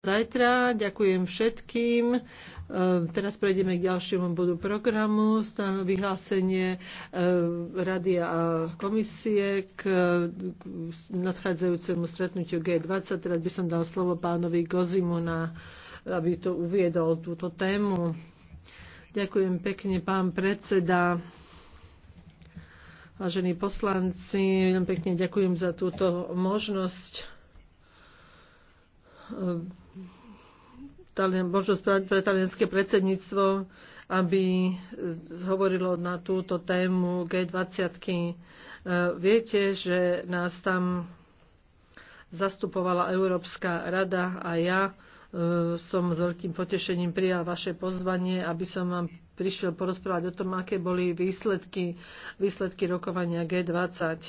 zajtra. Ďakujem všetkým. E, teraz prejdeme k ďalšiemu bodu programu, stano vyhlásenie e, Rady a komisie k nadchádzajúcemu stretnutiu G20. Teraz by som dal slovo pánovi Gozimu, na, aby to uviedol túto tému. Ďakujem pekne, pán predseda. Vážení poslanci, veľmi pekne ďakujem za túto možnosť e, možnosť pre talianské predsedníctvo, aby hovorilo na túto tému G20. E, viete, že nás tam zastupovala Európska rada a ja e, som s veľkým potešením prijal vaše pozvanie, aby som vám prišiel porozprávať o tom, aké boli výsledky, výsledky rokovania G20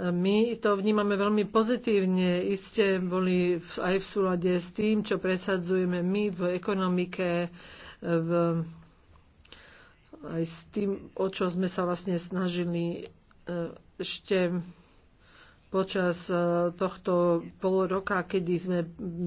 my to vnímame veľmi pozitívne. isté boli aj v súlade s tým, čo presadzujeme my v ekonomike, e, v, aj s tým, o čo sme sa vlastne snažili e, ešte počas e, tohto pol roka, kedy sme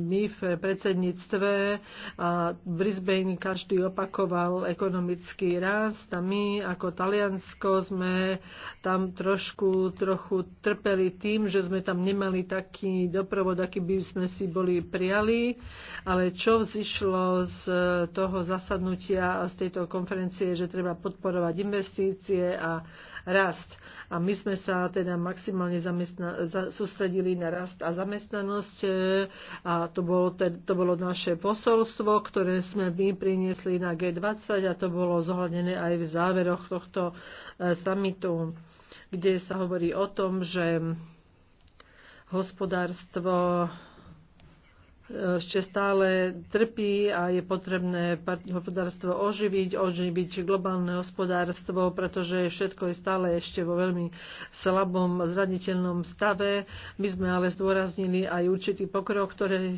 my v predsedníctve a Brisbane každý opakoval ekonomický rast a my ako Taliansko sme tam trošku trochu trpeli tým, že sme tam nemali taký doprovod, aký by sme si boli prijali, ale čo vzýšlo z toho zasadnutia a z tejto konferencie, že treba podporovať investície a rast. A my sme sa teda maximálne zamestna- za- sústredili na rast a zamestnanosť e, a to bolo, te- to bolo naše posolstvo, ktoré sme my priniesli na G20 a to bolo zohľadené aj v záveroch tohto e, samitu, kde sa hovorí o tom, že hospodárstvo ešte stále trpí a je potrebné hospodárstvo oživiť, oživiť globálne hospodárstvo, pretože všetko je stále ešte vo veľmi slabom, zraniteľnom stave. My sme ale zdôraznili aj určitý pokrok, ktorý e,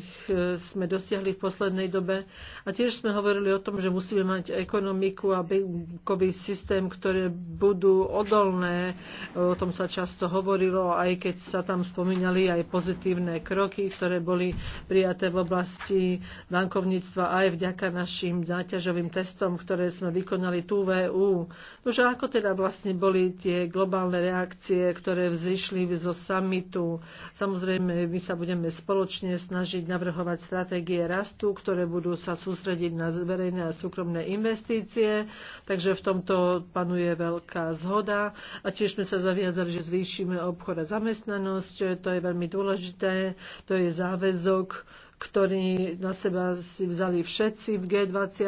sme dosiahli v poslednej dobe. A tiež sme hovorili o tom, že musíme mať ekonomiku a bankový systém, ktoré budú odolné. E, o tom sa často hovorilo, aj keď sa tam spomínali aj pozitívne kroky, ktoré boli prijaté prijaté v oblasti bankovníctva aj vďaka našim záťažovým testom, ktoré sme vykonali tu v EU. Nože ako teda vlastne boli tie globálne reakcie, ktoré vzýšli zo samitu? Samozrejme, my sa budeme spoločne snažiť navrhovať stratégie rastu, ktoré budú sa sústrediť na verejné a súkromné investície, takže v tomto panuje veľká zhoda. A tiež sme sa zaviazali, že zvýšime obchod a zamestnanosť, to je veľmi dôležité, to je záväzok, ktorý na seba si vzali všetci v G20,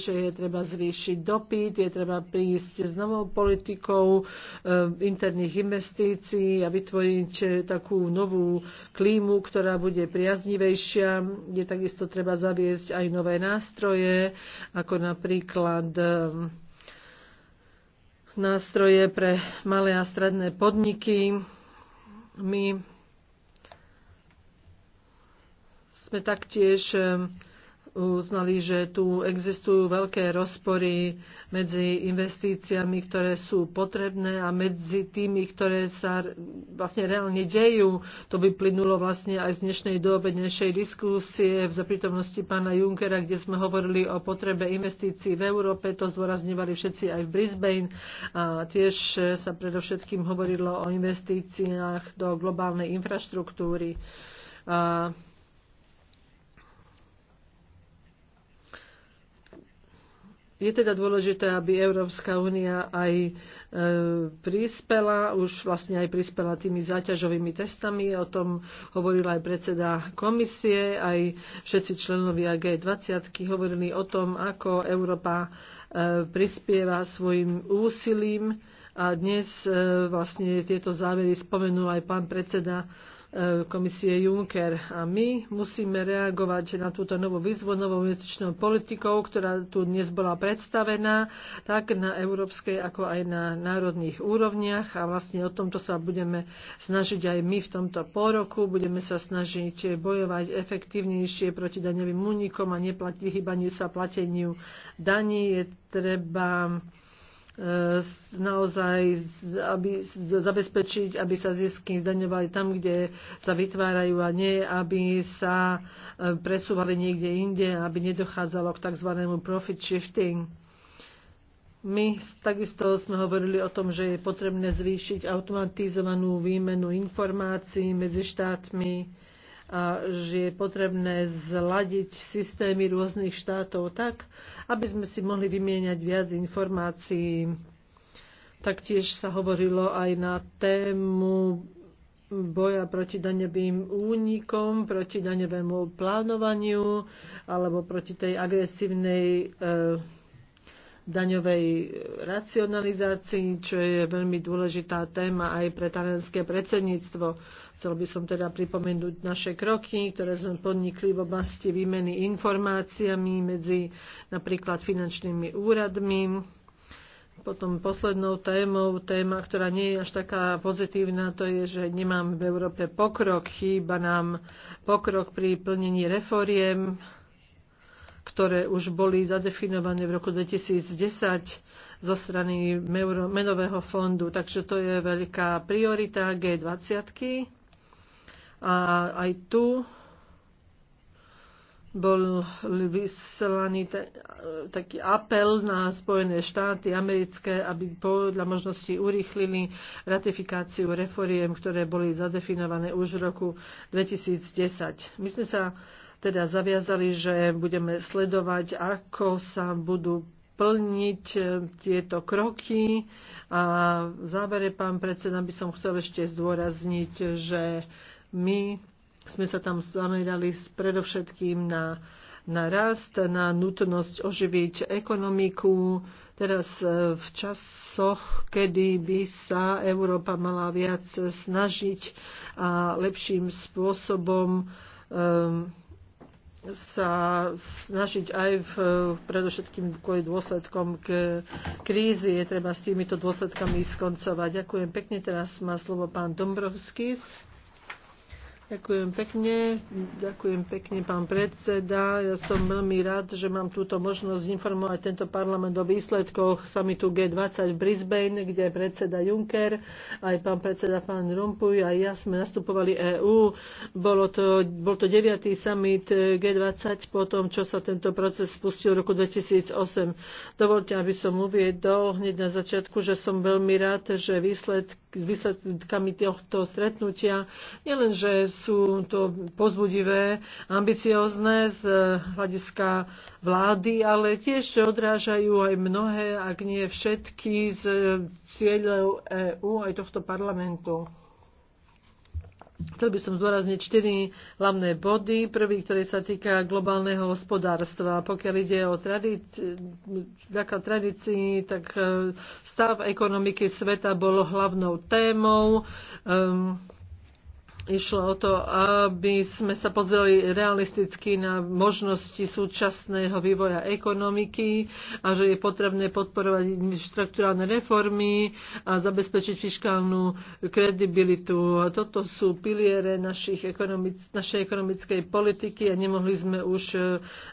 že je treba zvýšiť dopyt, je treba prísť s novou politikou e, interných investícií a vytvoriť e, takú novú klímu, ktorá bude priaznivejšia. Je takisto treba zaviesť aj nové nástroje, ako napríklad e, nástroje pre malé a stredné podniky. My sme taktiež uznali, že tu existujú veľké rozpory medzi investíciami, ktoré sú potrebné a medzi tými, ktoré sa vlastne reálne dejú. To by plynulo vlastne aj z dnešnej doobednejšej diskusie v prítomnosti pána Junkera, kde sme hovorili o potrebe investícií v Európe. To zdôrazňovali všetci aj v Brisbane. A tiež e, sa predovšetkým hovorilo o investíciách do globálnej infraštruktúry. A je teda dôležité, aby Európska únia aj e, prispela, už vlastne aj prispela tými záťažovými testami, o tom hovoril aj predseda komisie, aj všetci členovia G20 hovorili o tom, ako Európa e, prispieva svojim úsilím a dnes e, vlastne tieto závery spomenul aj pán predseda E, komisie Juncker. A my musíme reagovať na túto novú výzvu, novou investičnou politikou, ktorá tu dnes bola predstavená, tak na európskej, ako aj na národných úrovniach. A vlastne o tomto sa budeme snažiť aj my v tomto pôroku. Budeme sa snažiť bojovať efektívnejšie proti daňovým únikom a neplatí, chybanie sa plateniu daní. Je treba E, naozaj aby, zabezpečiť, aby sa zisky zdaňovali tam, kde sa vytvárajú a nie, aby sa e, presúvali niekde inde, aby nedochádzalo k tzv. profit shifting. My takisto sme hovorili o tom, že je potrebné zvýšiť automatizovanú výmenu informácií medzi štátmi a že je potrebné zladiť systémy rôznych štátov tak, aby sme si mohli vymieňať viac informácií. Taktiež sa hovorilo aj na tému boja proti daňovým únikom, proti daňovému plánovaniu alebo proti tej agresívnej e, daňovej racionalizácii, čo je veľmi dôležitá téma aj pre talianské predsedníctvo. Chcel by som teda pripomenúť naše kroky, ktoré sme podnikli v oblasti výmeny informáciami medzi napríklad finančnými úradmi. Potom poslednou témou, téma, ktorá nie je až taká pozitívna, to je, že nemám v Európe pokrok, chýba nám pokrok pri plnení reforiem ktoré už boli zadefinované v roku 2010 zo strany menového fondu. Takže to je veľká priorita G20. A aj tu bol vyslaný taký apel na Spojené štáty americké, aby podľa možnosti urýchlili ratifikáciu reforiem, ktoré boli zadefinované už v roku 2010. My sme sa teda zaviazali, že budeme sledovať, ako sa budú plniť eh, tieto kroky. A v závere, pán predseda, by som chcel ešte zdôrazniť, že my sme sa tam zamerali predovšetkým na, na rast, na nutnosť oživiť ekonomiku. Teraz eh, v časoch, kedy by sa Európa mala viac snažiť a lepším spôsobom um, sa snažiť aj v, predovšetkým kvôli dôsledkom k krízy. Je treba s týmito dôsledkami skoncovať. Ďakujem pekne. Teraz má slovo pán Dombrovskis. Ďakujem pekne, ďakujem pekne pán predseda. Ja som veľmi rád, že mám túto možnosť informovať tento parlament o výsledkoch samitu G20 v Brisbane, kde predseda Juncker, aj pán predseda pán Rompuy, aj ja sme nastupovali EÚ. Bolo to, bol to deviatý summit G20 po tom, čo sa tento proces spustil v roku 2008. Dovolte, aby som uviedol hneď na začiatku, že som veľmi rád, že výsledky s výsledkami tohto stretnutia. Nielen, že sú to pozbudivé, ambiciozne z hľadiska vlády, ale tiež odrážajú aj mnohé, ak nie všetky, z cieľov EÚ aj tohto parlamentu. Chcel by som zdôrazniť čtyri hlavné body. Prvý, ktorý sa týka globálneho hospodárstva. Pokiaľ ide o tradícii, tradícii tak eh, stav ekonomiky sveta bol hlavnou témou. Um, Išlo o to, aby sme sa pozreli realisticky na možnosti súčasného vývoja ekonomiky a že je potrebné podporovať štruktúrálne reformy a zabezpečiť fiskálnu kredibilitu. Toto sú piliere našich ekonomic- našej ekonomickej politiky a nemohli sme už e,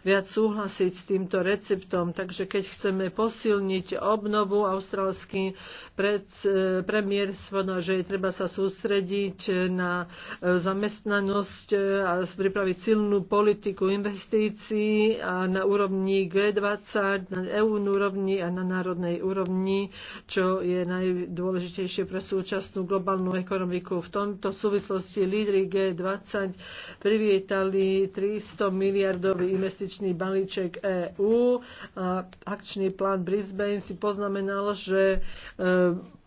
viac súhlasiť s týmto receptom. Takže keď chceme posilniť obnovu, austrálsky pred, e, premiér svodno, že je treba sa sústrediť na E, zamestnanosť e, a pripraviť silnú politiku investícií a na úrovni G20, na EU úrovni a na národnej úrovni, čo je najdôležitejšie pre súčasnú globálnu ekonomiku. V tomto súvislosti lídry G20 privietali 300 miliardový investičný balíček EÚ a akčný plán Brisbane si poznamenal, že e,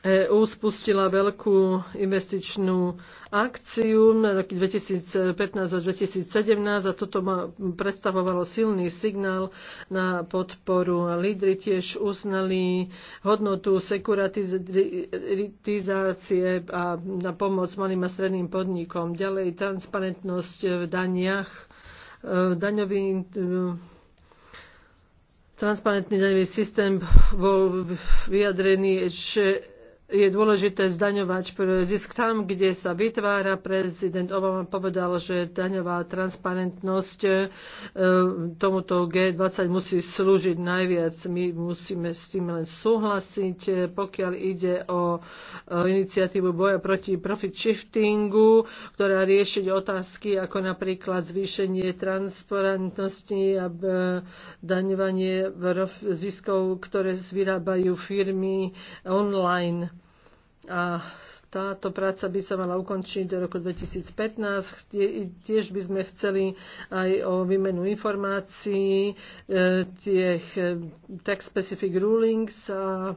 EU spustila veľkú investičnú akciu na roky 2015 až 2017 a toto ma predstavovalo silný signál na podporu. A lídry tiež uznali hodnotu sekuratizácie a na pomoc malým a stredným podnikom. Ďalej transparentnosť v daniach, e, daňový e, transparentný daňový systém bol vyjadrený, že je dôležité zdaňovať zisk tam, kde sa vytvára. Prezident Obama povedal, že daňová transparentnosť e, tomuto G20 musí slúžiť najviac. My musíme s tým len súhlasiť, pokiaľ ide o e, iniciatívu boja proti profit shiftingu, ktorá riešiť otázky ako napríklad zvýšenie transparentnosti a e, daňovanie ziskov, ktoré vyrábajú firmy online a táto práca by sa mala ukončiť do roku 2015. Tiež by sme chceli aj o výmenu informácií, e, tých e, tax specific rulings a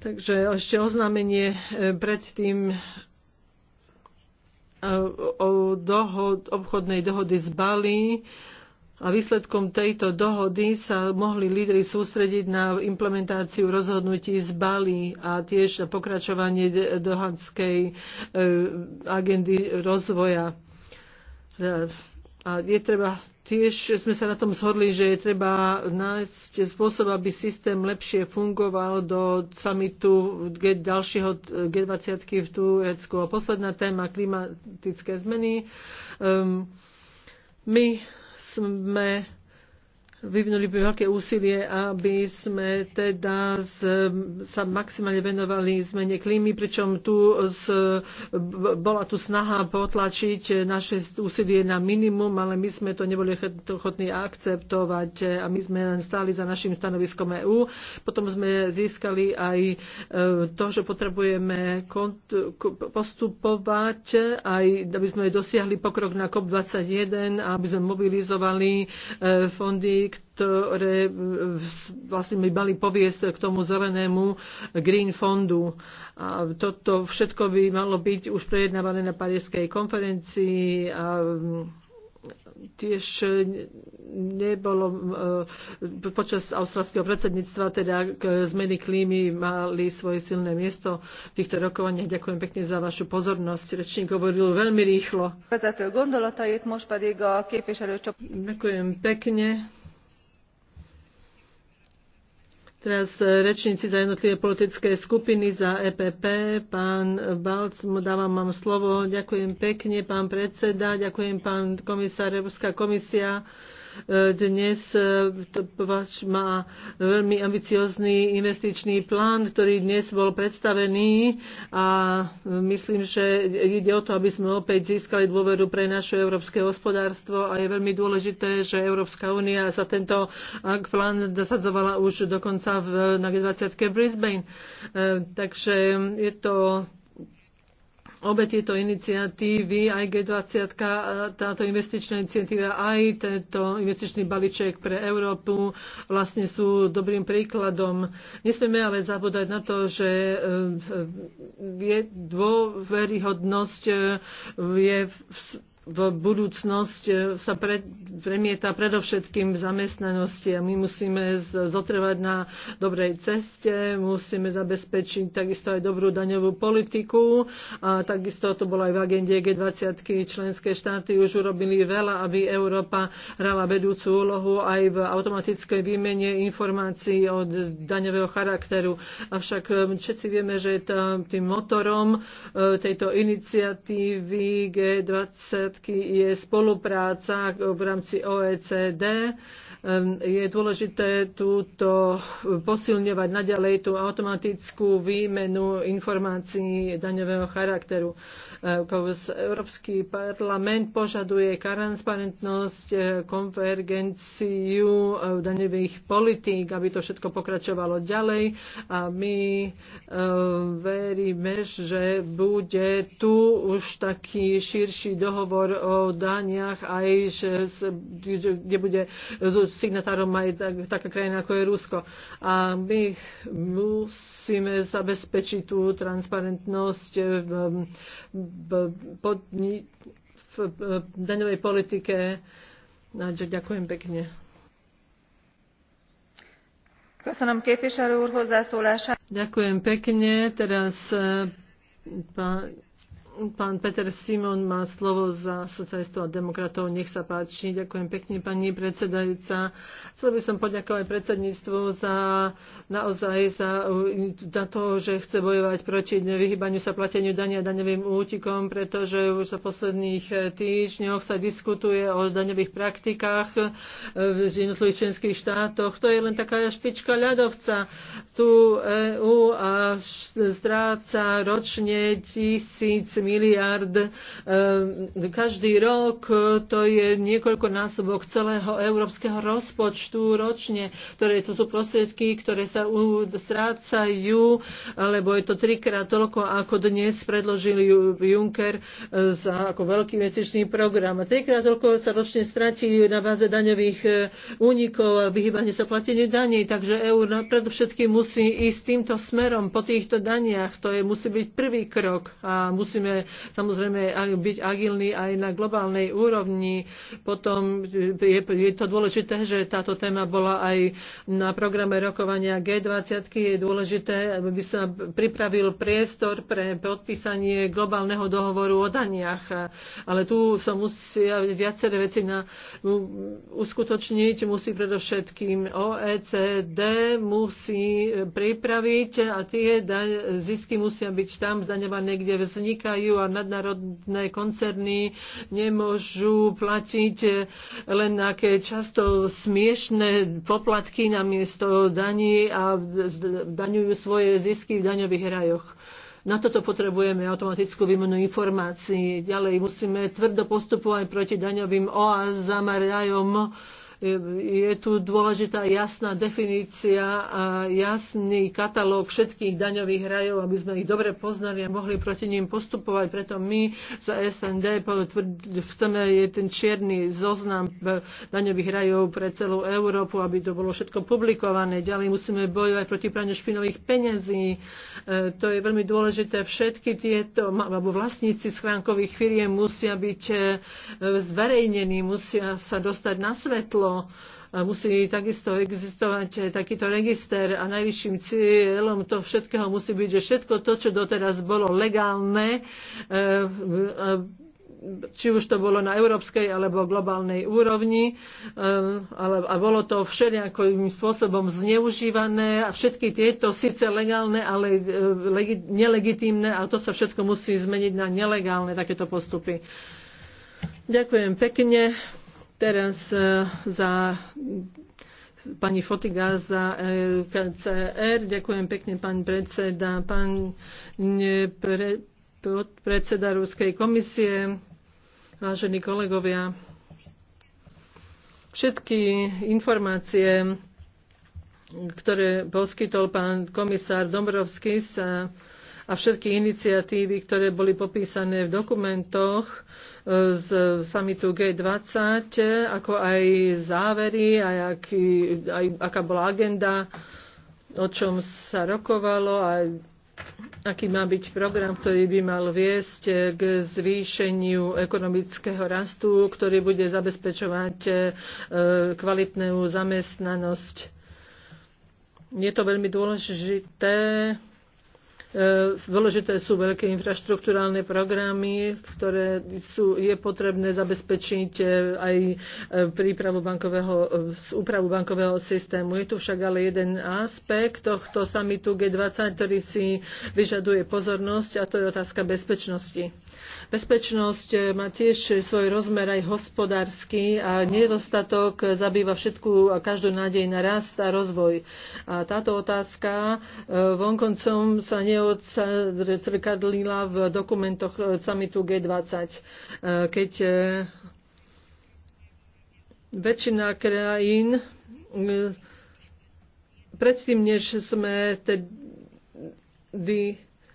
Takže ešte oznámenie e, predtým o dohod, obchodnej dohody z Bali a výsledkom tejto dohody sa mohli lídry sústrediť na implementáciu rozhodnutí z Bali a tiež na pokračovanie dohanskej e, agendy rozvoja. E, a je treba Tiež sme sa na tom zhodli, že je treba nájsť spôsob, aby systém lepšie fungoval do samitu G, ďalšieho G20 v Turecku. A posledná téma klimatické zmeny. Um, my sme vyvinuli by veľké úsilie, aby sme teda z, sa maximálne venovali zmene klímy, pričom tu z, bola tu snaha potlačiť naše úsilie na minimum, ale my sme to neboli ochotní akceptovať a my sme len stáli za našim stanoviskom EÚ. Potom sme získali aj e, to, že potrebujeme postupovať, aj aby sme dosiahli pokrok na COP21 a aby sme mobilizovali e, fondy, ktoré e, vlastne by mali poviesť k tomu zelenému Green fondu. A toto všetko by malo byť už prejednávané na Parískej konferencii a mm, tiež nebolo e, počas australského predsedníctva teda k zmeny klímy mali svoje silné miesto v týchto rokovaniach. Ďakujem pekne za vašu pozornosť. Rečník hovoril veľmi rýchlo. Ďakujem pekne. Teraz e, rečníci za jednotlivé politické skupiny, za EPP, pán Balc, dávam vám slovo. Ďakujem pekne, pán predseda, ďakujem pán komisár, Európska komisia dnes e, má veľmi ambiciózny investičný plán, ktorý dnes bol predstavený a myslím, že ide o to, aby sme opäť získali dôveru pre naše európske hospodárstvo a je veľmi dôležité, že Európska únia sa tento plán zasadzovala už dokonca v, na 20. Brisbane. E, takže je to obe tieto iniciatívy, aj G20, táto investičná iniciatíva, aj tento investičný balíček pre Európu vlastne sú dobrým príkladom. Nesmieme ale zabúdať na to, že eh, je dôveryhodnosť eh, je v v budúcnosť e, sa pre, premieta predovšetkým v zamestnanosti a my musíme zotrvať na dobrej ceste, musíme zabezpečiť takisto aj dobrú daňovú politiku a takisto to bolo aj v agende G20. Členské štáty už urobili veľa, aby Európa hrala vedúcu úlohu aj v automatickej výmene informácií od daňového charakteru. Avšak e, všetci vieme, že tým motorom e, tejto iniciatívy G20 výsledky je spolupráca v rámci OECD Ehm, je dôležité túto posilňovať naďalej tú automatickú výmenu informácií daňového charakteru. Ehm, Európsky parlament požaduje transparentnosť, ehm, konvergenciu daňových politík, aby to všetko pokračovalo ďalej a my veríme, že bude tu už taký širší dohovor o daniach aj, kde bude signatárom aj tak, taká krajina ako je Rusko. A my musíme zabezpečiť tú transparentnosť v, v, pod, v, v daňovej politike. Takže ďakujem pekne. Ďakujem pekne. Teraz eh, pán Pán Peter Simon má slovo za socialistov a demokratov. Nech sa páči. Ďakujem pekne, pani predsedajúca. Chcel by som poďakovať predsedníctvu za naozaj za, to, že chce bojovať proti vyhybaniu sa plateniu dania daňovým útikom, pretože už sa v posledných týždňoch sa diskutuje o daňových praktikách v jednotlivých členských štátoch. To je len taká špička ľadovca. Tu EU a stráca ročne tisíc miliard eh, každý rok. Eh, to je niekoľko násobok celého európskeho rozpočtu ročne, ktoré to sú prostriedky, ktoré sa strácajú, lebo je to trikrát toľko, ako dnes predložil Juncker eh, za ako veľký investičný program. A trikrát toľko sa ročne stratí na báze daňových únikov a vyhýbanie sa plateniu daní. Takže EU predovšetkým musí ísť týmto smerom po týchto daniach. To je, musí byť prvý krok a musíme môže samozrejme byť agilný aj na globálnej úrovni. Potom e, je, je to dôležité, že táto téma bola aj na programe rokovania G20. Je dôležité, aby sa pripravil priestor pre podpísanie globálneho dohovoru o daniach. Ale tu sa musia viaceré veci na, uskutočniť. Musí predovšetkým OECD musí e, pripraviť a tie zisky musia byť tam zdaňované, kde vznikajú vyrábajú a nadnárodné koncerny nemôžu platiť len také často smiešné poplatky na miesto daní a daňujú svoje zisky v daňových rajoch. Na toto potrebujeme automatickú výmenu informácií. Ďalej musíme tvrdo postupovať proti daňovým oázam a rajom, je tu dôležitá jasná definícia a jasný katalóg všetkých daňových rajov, aby sme ich dobre poznali a mohli proti ním postupovať. Preto my za SND chceme ten čierny zoznam daňových rajov pre celú Európu, aby to bolo všetko publikované. Ďalej musíme bojovať proti praniu špinových peňazí. E, to je veľmi dôležité. Všetky tieto, alebo vlastníci schránkových firiem musia byť e, zverejnení, musia sa dostať na svetlo musí takisto existovať takýto register a najvyšším cieľom to všetkého musí byť, že všetko to, čo doteraz bolo legálne, e, e, či už to bolo na európskej alebo globálnej úrovni e, a bolo to všelijakým spôsobom zneužívané a všetky tieto síce legálne, ale nelegitímne a to sa všetko musí zmeniť na nelegálne takéto postupy. Ďakujem pekne. Teraz e, za pani Fotiga za e, KCR. Ďakujem pekne, pán predseda, pán pre, predseda Ruskej komisie, vážení kolegovia. Všetky informácie, ktoré poskytol pán komisár Dombrovský, sa a všetky iniciatívy, ktoré boli popísané v dokumentoch e, z samitu G20, ako aj závery, aj, aký, aj aká bola agenda, o čom sa rokovalo a aký má byť program, ktorý by mal viesť k zvýšeniu ekonomického rastu, ktorý bude zabezpečovať e, kvalitnú zamestnanosť. Je to veľmi dôležité E, dôležité sú veľké infraštruktúrálne programy, ktoré sú, je potrebné zabezpečiť e, aj e, prípravu bankového, úpravu bankového systému. Je tu však ale jeden aspekt tohto samitu G20, ktorý si vyžaduje pozornosť a to je otázka bezpečnosti. Bezpečnosť má tiež svoj rozmer aj hospodársky a nedostatok zabýva všetku a každú nádej na rast a rozvoj. A táto otázka eh, vonkoncom sa neodzrkadlila v dokumentoch eh, samitu G20. Eh, keď väčšina krajín predtým, než sme tedy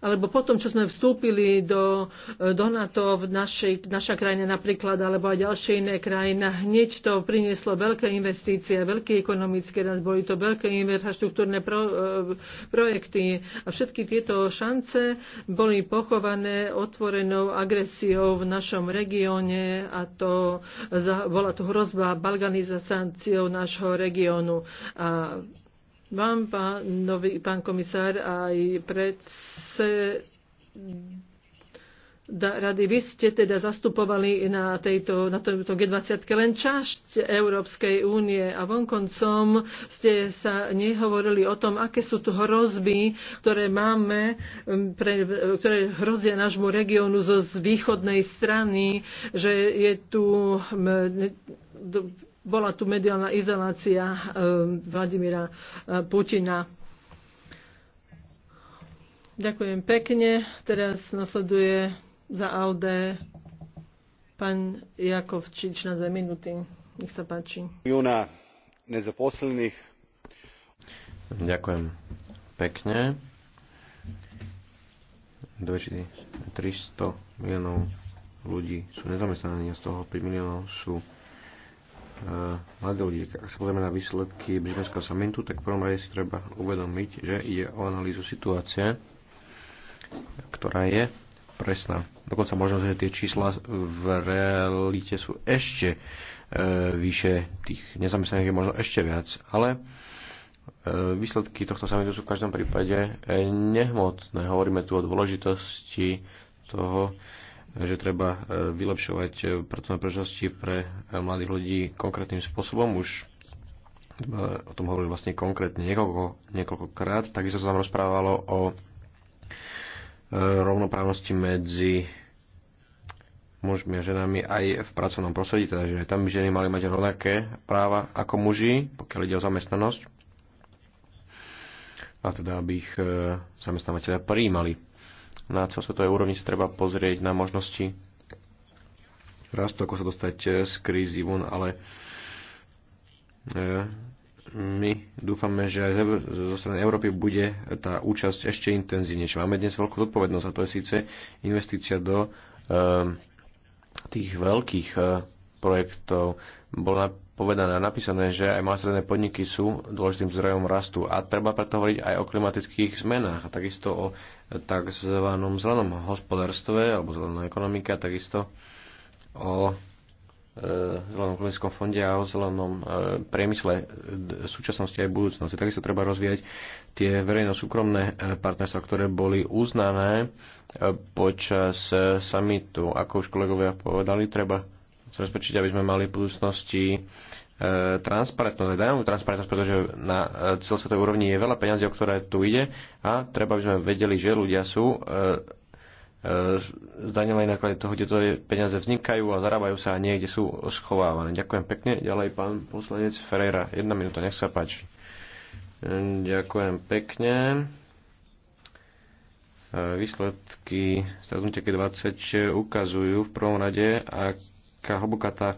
alebo potom, čo sme vstúpili do, e, do NATO, v našej, naša krajina napríklad, alebo aj ďalšie iné krajina, hneď to prinieslo veľké investície, veľký ekonomický rast, boli to veľké infraštruktúrne pro, e, projekty a všetky tieto šance boli pochované otvorenou agresiou v našom regióne a to za, bola tu hrozba balganizáciou nášho regiónu. A vám, pán, nový, pán komisár, aj da, rady. Vy ste teda zastupovali na, tejto, na tomto G20 len časť Európskej únie a vonkoncom ste sa nehovorili o tom, aké sú tu hrozby, ktoré máme, pre, ktoré hrozia nášmu regiónu zo z východnej strany, že je tu bola tu mediálna izolácia eh, Vladimíra eh, Putina. Ďakujem pekne. Teraz nasleduje za ALDE pán Jakovčič na dve minúty. Nech sa páči. Júna nezaposlených. Ďakujem pekne. 300 miliónov ľudí sú nezamestnaní a z toho 5 miliónov sú E, mladí ľudí. Ak sa pozrieme na výsledky Brisbaneho samitu, tak v prvom rade si treba uvedomiť, že ide o analýzu situácie, ktorá je presná. Dokonca možno, že tie čísla v realite sú ešte e, vyše, tých nezamestnaných je možno ešte viac, ale e, výsledky tohto samitu sú v každom prípade e, nehmotné. Hovoríme tu o dôležitosti toho, e, že treba e, vylepšovať e, pracovné príležitosti pre e, mladých ľudí konkrétnym spôsobom. Už o tom hovorili vlastne konkrétne niekoľko, niekoľkokrát. Takisto sa tam rozprávalo o rovnoprávnosti medzi mužmi a ženami aj v pracovnom prostredí, teda že tam by ženy mali mať rovnaké práva ako muži, pokiaľ ide o zamestnanosť a teda aby ich zamestnávateľa prijímali na celosvetovej úrovni sa treba pozrieť na možnosti rastu, ako sa dostať eh, z krízy von, ale eh, my dúfame, že aj zo strany Európy bude tá účasť ešte intenzívnejšia. Máme dnes veľkú zodpovednosť a to je síce investícia do eh, tých veľkých projektov. Bol povedané a napísané, že aj malé podniky sú dôležitým zdrojom rastu a treba preto hovoriť aj o klimatických zmenách a takisto o tzv. zelenom hospodárstve alebo zelenom ekonomike a takisto o e, zelenom klimatickom fonde a o zelenom e, priemysle e, súčasnosti aj budúcnosti. Takisto treba rozvíjať tie verejno-súkromné e, partnerstva, ktoré boli uznané počas samitu. Ako už kolegovia povedali, treba zabezpečiť, aby sme mali v budúcnosti e, transparentnosť, daňovú transparentnosť, pretože na e, celosvetovej úrovni je veľa peňazí, o ktoré tu ide a treba, aby sme vedeli, že ľudia sú e, zdanele na základe toho, kde to peniaze vznikajú a zarábajú sa a niekde sú schovávané. Ďakujem pekne. Ďalej pán poslanec Ferreira. Jedna minúta, nech sa páči. Ďakujem pekne. Výsledky stretnutia 20 ukazujú v prvom rade, ak aká hlboká tá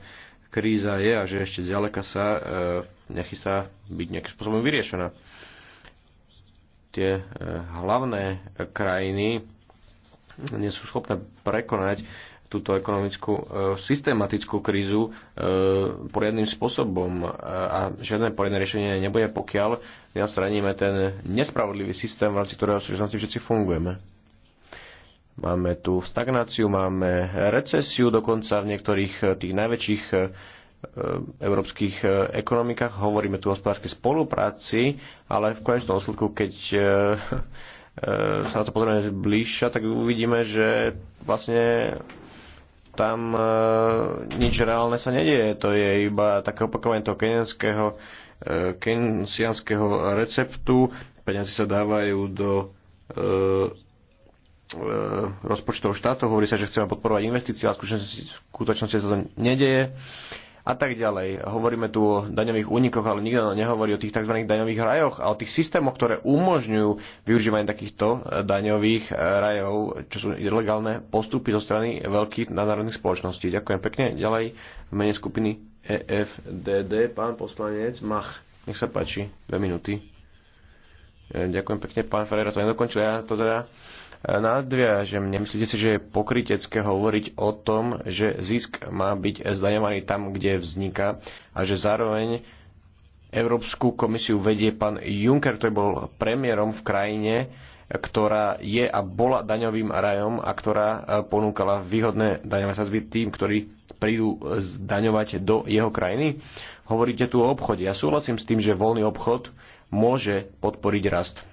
kríza je a že ešte zďaleka sa e, nechystá byť nejakým spôsobom vyriešená. Tie e, hlavné krajiny nie sú schopné prekonať túto ekonomickú e, systematickú krízu e, poriadnym spôsobom e, a žiadne poriadne riešenie nebude, pokiaľ nastraníme ten nespravodlivý systém, v rámci ktorého si všetci fungujeme. Máme tu stagnáciu, máme recesiu, dokonca v niektorých eh, tých najväčších eh, eh, európskych ekonomikách. Hovoríme tu o hospodárskej spolupráci, ale v konečnom dôsledku, keď sa na to pozrieme bližšie, tak uvidíme, že vlastne tam nič reálne sa nedieje. To je iba také opakovanie toho kenianského, kenianského receptu. Peniaze sa dávajú do E, rozpočtov štátov, hovorí sa, že chceme podporovať investície, ale v skutočnosti sa to nedeje a tak ďalej. Hovoríme tu o daňových únikoch, ale nikto nehovorí o tých tzv. daňových rajoch a o tých systémoch, ktoré umožňujú využívanie takýchto e, daňových e, rajov, čo sú ilegálne postupy zo strany veľkých nadnárodných spoločností. Ďakujem pekne. Ďalej v mene skupiny EFDD pán poslanec Mach. Nech sa páči, dve minúty. Ďakujem pekne, pán Ferreira to nedokončil, ja to teda nadviažem. Nemyslíte si, že je pokrytecké hovoriť o tom, že zisk má byť zdaňovaný tam, kde vzniká a že zároveň Európsku komisiu vedie pán Juncker, ktorý bol premiérom v krajine, ktorá je a bola daňovým rajom a ktorá e, ponúkala výhodné daňové sadzby tým, ktorí prídu zdaňovať do jeho krajiny. Hovoríte tu o obchode. Ja súhlasím s tým, že voľný obchod môže podporiť rast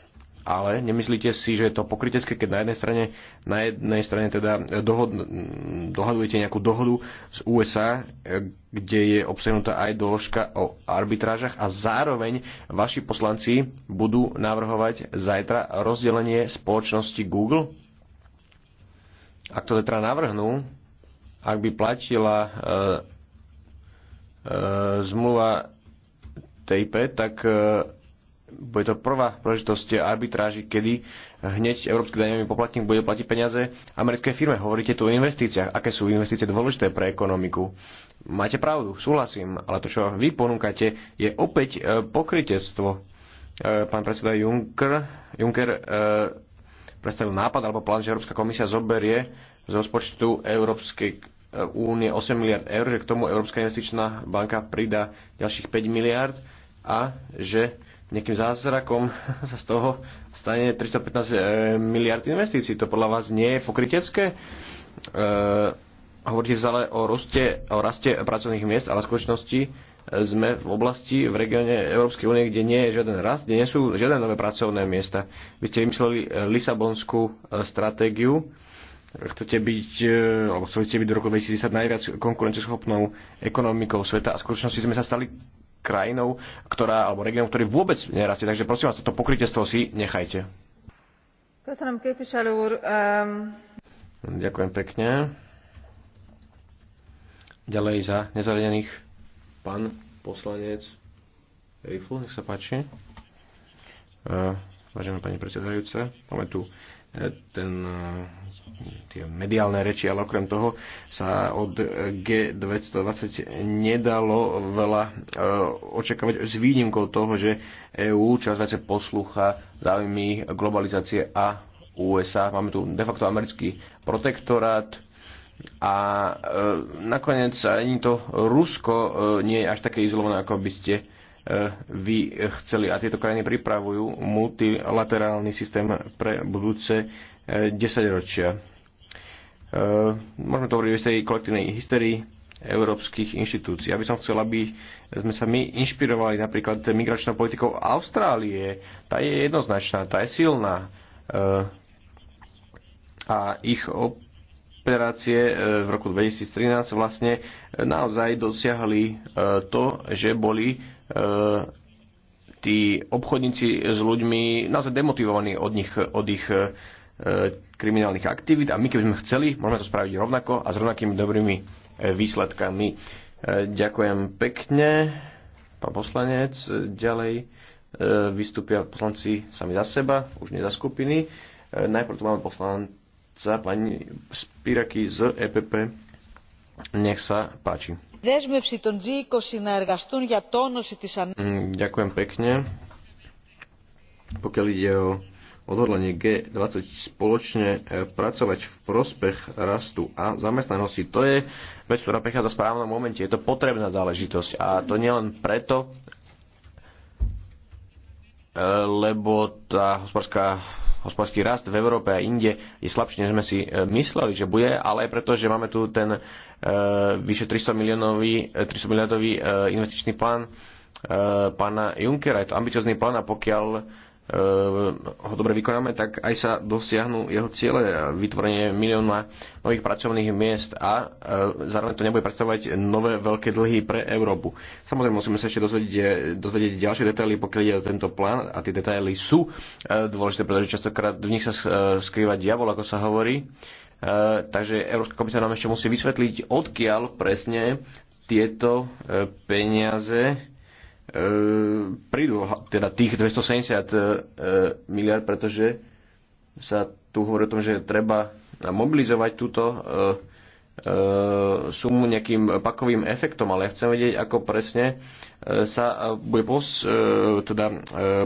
ale nemyslíte si, že je to pokrytecké, keď na jednej strane, na jednej strane teda dohod, dohadujete nejakú dohodu z USA, kde je obsiahnutá aj doložka o arbitrážach a zároveň vaši poslanci budú navrhovať zajtra rozdelenie spoločnosti Google? Ak to zajtra navrhnú, ak by platila e, e, zmluva TIP, tak e, bude to prvá príležitosť arbitráži, kedy hneď európsky daňový poplatník bude platiť peniaze americkej firme. Hovoríte tu o investíciách. Aké sú investície dôležité pre ekonomiku? Máte pravdu, súhlasím, ale to, čo vy ponúkate, je opäť e, pokrytectvo. E, pán predseda Juncker, Juncker e, predstavil nápad alebo plán, že Európska komisia zoberie z rozpočtu Európskej únie 8 miliard eur, že k tomu Európska investičná banka pridá ďalších 5 miliard a že nejakým zázrakom sa z toho stane 315 eh, miliard investícií. To podľa vás nie je pokrytecké? E, hovoríte ale o roste, o raste pracovných miest, ale v skutočnosti eh, sme v oblasti, v regióne Európskej únie, kde nie je žiaden rast, kde nie sú žiadne nové pracovné miesta. Vy ste vymysleli Lisabonskú stratégiu, chcete byť, alebo chcete byť do roku 2010 najviac konkurenceschopnou ekonomikou sveta a v skutočnosti sme sa stali krajinou, ktorá, alebo regionom, ktorý vôbec nerastie. Takže prosím vás, toto pokrytestvo si nechajte. Ehm, Ďakujem pekne. Ďalej za nezaradených pán poslanec Eiffel, nech sa páči. Ehm, vážená pani predsedajúca, máme tu ten, tie mediálne reči, ale okrem toho sa od G220 nedalo veľa e, očakávať s výnimkou toho, že EÚ čas viacej poslúcha záujmy globalizácie a USA. Máme tu de facto americký protektorát a e, nakoniec ani to Rusko e, nie je až také izolované, ako by ste Eh, vy chceli. A tieto krajiny pripravujú multilaterálny systém pre budúce eh, desaťročia. Eh, môžeme to hovoriť o tej kolektívnej histérii európskych inštitúcií. Aby som chcel, aby sme sa my inšpirovali napríklad migračnou politikou Austrálie. Tá je jednoznačná, tá je silná. A ich operácie v roku 2013 vlastne naozaj dosiahli to, že boli E, tí obchodníci s ľuďmi naozaj demotivovaní od, nich, od ich e, kriminálnych aktivít a my keby sme chceli, môžeme to spraviť rovnako a s rovnakými dobrými e, výsledkami. Ďakujem pekne, pán poslanec. Ďalej vystúpia poslanci sami za seba, už nie za skupiny. Najprv tu máme poslanca pani Spiraky z EPP. Nech sa páči. Ďakujem pekne. Pokiaľ ide o odhodlanie G20 spoločne e, pracovať v prospech rastu a zamestnanosti. To je vec, ktorá prichádza v správnom momente. Je to potrebná záležitosť a to nielen preto, e, lebo tá hospodárska hospodársky rast v Európe a inde je slabší, než sme si e, mysleli, že bude, ale aj preto, že máme tu ten uh, vyše 300 miliónový, 300 e, miliónový uh, investičný plán uh, pána Junckera. Je to ambiciozný plán a pokiaľ E, ho dobre vykonáme, tak aj sa dosiahnu jeho ciele, vytvorenie milióna nových pracovných miest a e, zároveň to nebude predstavovať nové veľké dlhy pre Európu. Samozrejme musíme sa ešte dozvedieť, e, dozvedieť ďalšie detaily, pokiaľ ide o tento plán a tie detaily sú dôležité, pretože častokrát v nich sa skrýva diabol, ako sa hovorí. Takže Európska komisia nám ešte musí vysvetliť, odkiaľ presne tieto peniaze E, prídu, teda tých 270 e, miliard, pretože sa tu hovorí o tom, že treba mobilizovať túto e, E, sumu nejakým pakovým efektom, ale ja chcem vedieť, ako presne e, sa e, bude pos, teda,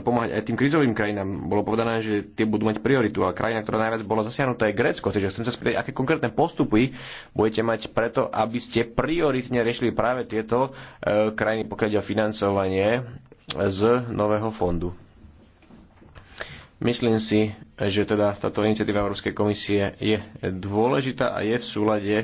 pomáhať aj tým krizovým krajinám. Bolo povedané, že tie budú mať prioritu a krajina, ktorá najviac bola zasiahnutá je Grécko. Takže chcem sa spýtať, aké konkrétne postupy budete mať preto, aby ste prioritne riešili práve tieto krajiny, pokiaľ o financovanie z nového fondu. Myslím si, že teda táto iniciatíva Európskej komisie je dôležitá a je v súlade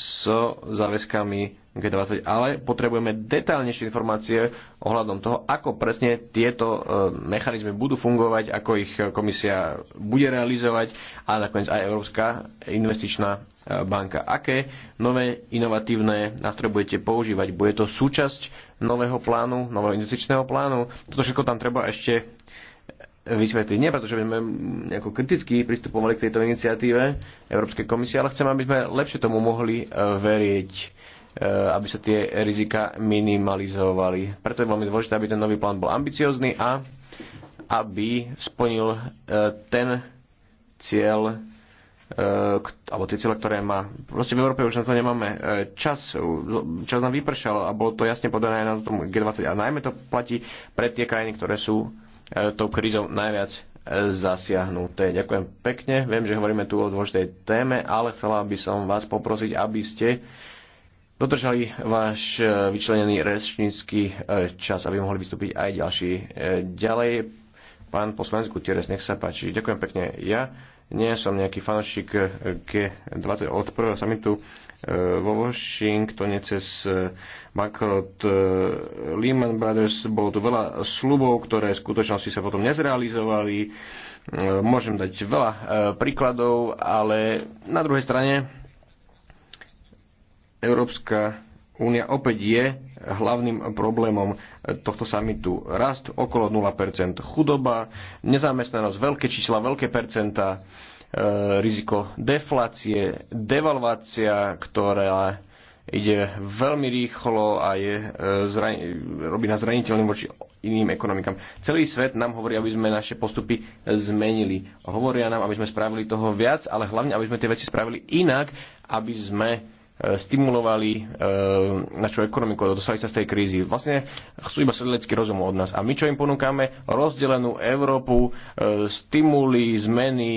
so záväzkami G20, ale potrebujeme detaľnejšie informácie ohľadom toho, ako presne tieto e, mechanizmy budú fungovať, ako ich komisia bude realizovať a nakoniec aj Európska investičná e, banka. Aké nové inovatívne nástroje budete používať? Bude to súčasť nového plánu, nového investičného plánu? Toto všetko tam treba ešte vysvetliť. Nie preto, že by sme nejako kriticky pristupovali k tejto iniciatíve Európskej komisie, ale chcem, aby sme lepšie tomu mohli e, verieť, e, aby sa tie rizika minimalizovali. Preto je veľmi dôležité, aby ten nový plán bol ambiciozný a aby splnil e, ten cieľ, alebo tie cieľe, ktoré má. Proste v Európe už na to nemáme čas. Čas nám vypršal a bolo to jasne podané aj na tom G20. A najmä to platí pre tie krajiny, ktoré sú E, tou krízou najviac e, zasiahnuté. Ďakujem pekne. Viem, že hovoríme tu o dôležitej téme, ale chcela by som vás poprosiť, aby ste dodržali váš e, vyčlenený rečnícky čas, aby mohli vystúpiť aj ďalší. Ďalej, pán poslanec Gutierrez, nech sa páči. Ďakujem pekne. Ja nie som nejaký fanšik eh, G20 od prvého samitu eh, vo Washingtone cez eh, bankrot Lehman Brothers. Bolo tu veľa slubov, ktoré v skutočnosti sa potom nezrealizovali. Môžem dať veľa príkladov, ale na druhej strane Európska únia opäť je hlavným problémom tohto samitu. Rast okolo 0%, chudoba, nezamestnanosť, veľké čísla, veľké percentá, e, riziko deflácie, devalvácia, ktorá ide veľmi rýchlo a je, e, zrani- robí nás zraniteľným voči iným ekonomikám. Celý svet nám hovorí, aby sme naše postupy zmenili. Hovoria nám, aby sme spravili toho viac, ale hlavne, aby sme tie veci spravili inak, aby sme E, stimulovali e, našu ekonomiku a dostali sa z tej krízy. Vlastne chcú iba sedlecký rozum od nás. A my čo im ponúkame? Rozdelenú Európu, e, stimuly, zmeny,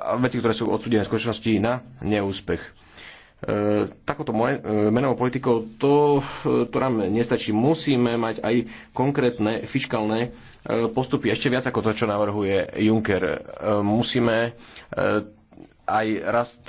a veci, ktoré sú odsudené v skutočnosti na neúspech. E, takouto menovou politikou to, to nám nestačí. Musíme mať aj konkrétne fiskálne postupy, ešte viac ako to, čo navrhuje Juncker. E, musíme e, aj rast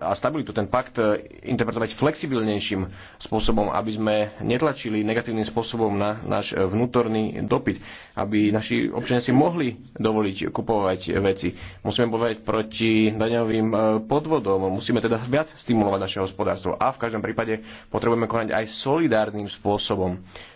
a stabilitu, ten pakt e, interpretovať flexibilnejším spôsobom, aby sme netlačili negatívnym spôsobom na náš e, vnútorný dopyt, aby naši občania si mohli dovoliť kupovať veci. Musíme bojovať proti daňovým e, podvodom, musíme teda viac stimulovať naše hospodárstvo a v každom prípade potrebujeme konať aj solidárnym spôsobom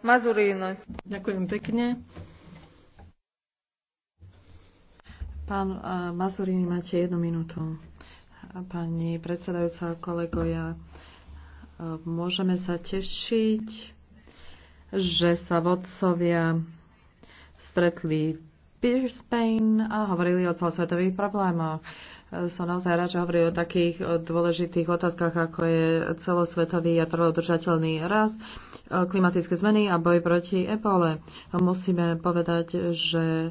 Mazurinos. Ďakujem pekne. Pán eh, Mazurini, máte jednu minútu. Pani predsedajúca, kolegovia, eh, môžeme sa tešiť, že sa vodcovia stretli Brisbane a hovorili o celosvetových problémoch som naozaj rád, že hovorí o takých dôležitých otázkach, ako je celosvetový a trvodržateľný rast, klimatické zmeny a boj proti epole. Musíme povedať, že e,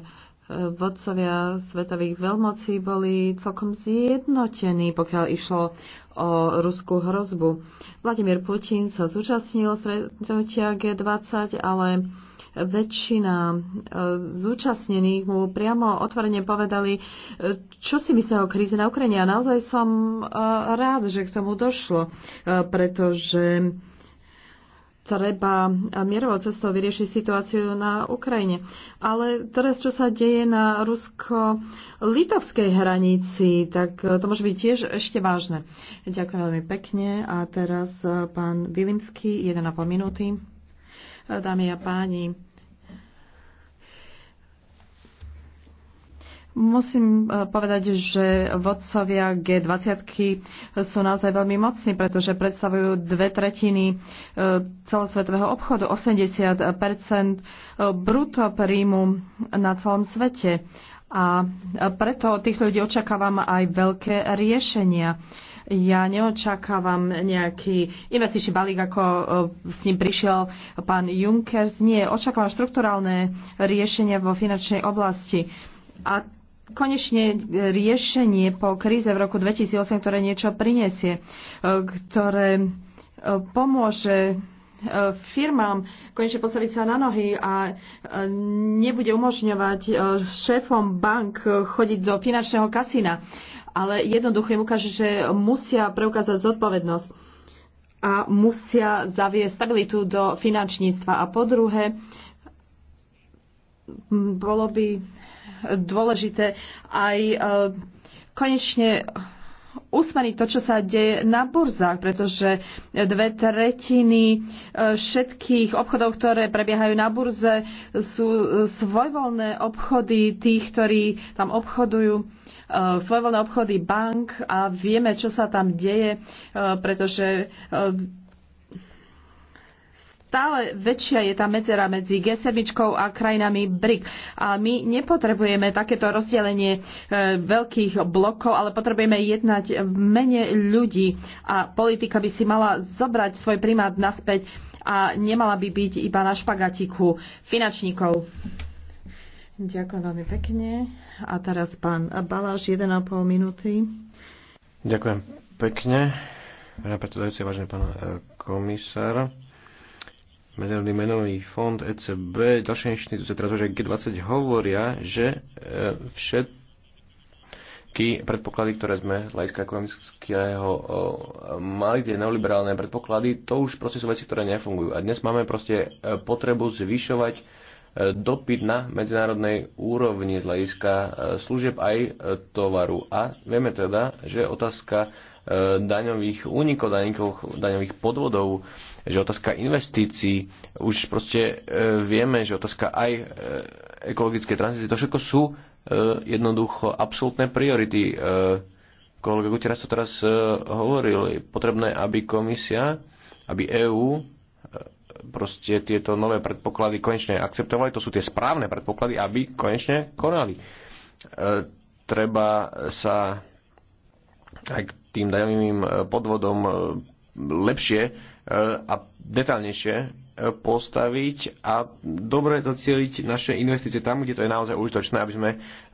vodcovia svetových veľmocí boli celkom zjednotení, pokiaľ išlo o ruskú hrozbu. Vladimír Putin sa zúčastnil stretnutia G20, ale väčšina e, zúčastnených mu priamo otvorene povedali, e, čo si myslia o kríze na Ukrajine. A naozaj som e, rád, že k tomu došlo, pretože treba mierovou cestou vyriešiť situáciu na Ukrajine. Ale teraz, čo sa deje na rusko-litovskej hranici, tak to môže byť tiež ešte vážne. Ďakujem veľmi pekne. A teraz pán Vilimsky, 1,5 minúty dámy a páni. Musím e, povedať, že vodcovia G20 sú naozaj veľmi mocní, pretože predstavujú dve tretiny e, celosvetového obchodu, 80 e, bruto príjmu na celom svete. A preto od tých ľudí očakávam aj veľké riešenia. Ja neočakávam nejaký investičný balík, ako e, s ním prišiel pán Junkers. Nie, očakávam štrukturálne riešenia vo finančnej oblasti. A konečne e, riešenie po kríze v roku 2008, ktoré niečo prinesie, e, ktoré pomôže firmám konečne postaviť sa na nohy a nebude umožňovať šéfom bank chodiť do finančného kasína ale jednoducho im ukáže, že musia preukázať zodpovednosť a musia zaviesť stabilitu do finančníctva. A po druhé, bolo by dôležité aj e, konečne usmeriť to, čo sa deje na burzách, pretože dve tretiny e, všetkých obchodov, ktoré prebiehajú na burze, sú e, svojvoľné obchody tých, ktorí tam obchodujú Eh, svojvoľné obchody bank a vieme, čo sa tam deje, eh, pretože eh, stále väčšia je tá medzera medzi G7 a krajinami BRIC. A my nepotrebujeme takéto rozdelenie veľkých blokov, ale potrebujeme jednať v mene ľudí a politika by si mala zobrať svoj primát naspäť a nemala by byť iba na špagatiku finančníkov. Ďakujem veľmi pekne. A teraz pán Baláš, 1,5 minúty. Ďakujem pekne. Pána predsedajúci, vážený pán e, komisár. Medzinárodný menový fond ECB, ďalšie inštitúcie, to, že G20 hovoria, že e, všetky predpoklady, ktoré sme z hľadiska ekonomického e, mali, tie neoliberálne predpoklady, to už proste sú veci, ktoré nefungujú. A dnes máme proste potrebu zvyšovať dopyt na medzinárodnej úrovni z hľadiska e, služieb aj e, tovaru. A vieme teda, že otázka e, daňových únikov, daňových podvodov, že otázka investícií, už proste vieme, že otázka aj ekologickej tranzície, to všetko sú jednoducho absolútne priority. Kolega Gutierrez to teraz hovoril, je potrebné, aby komisia, aby EÚ proste tieto nové predpoklady konečne akceptovali. To sú tie správne predpoklady, aby konečne konali. E, treba sa aj k tým daňovým e, podvodom e, lepšie e, a detálnejšie postaviť a dobre zacieliť naše investície tam, kde to je naozaj užitočné, aby sme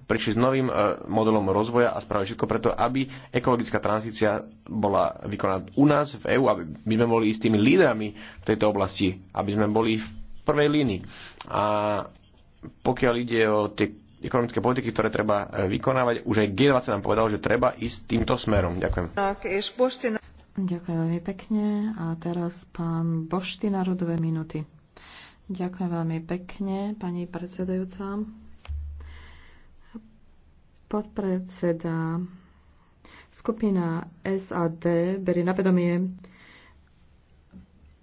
prišli s novým e, modelom rozvoja a spravili všetko preto, aby ekologická tranzícia bola vykonaná u nás v EÚ, aby my sme boli istými lídrami v tejto oblasti, aby sme boli v prvej línii. A pokiaľ ide o tie ekonomické politiky, ktoré treba e, vykonávať, už aj G20 nám povedal, že treba ísť týmto smerom. Ďakujem. Ďakujem veľmi pekne. A teraz pán Bošty na dve minúty. Ďakujem veľmi pekne, pani predsedajúca podpredseda skupina SAD berie na vedomie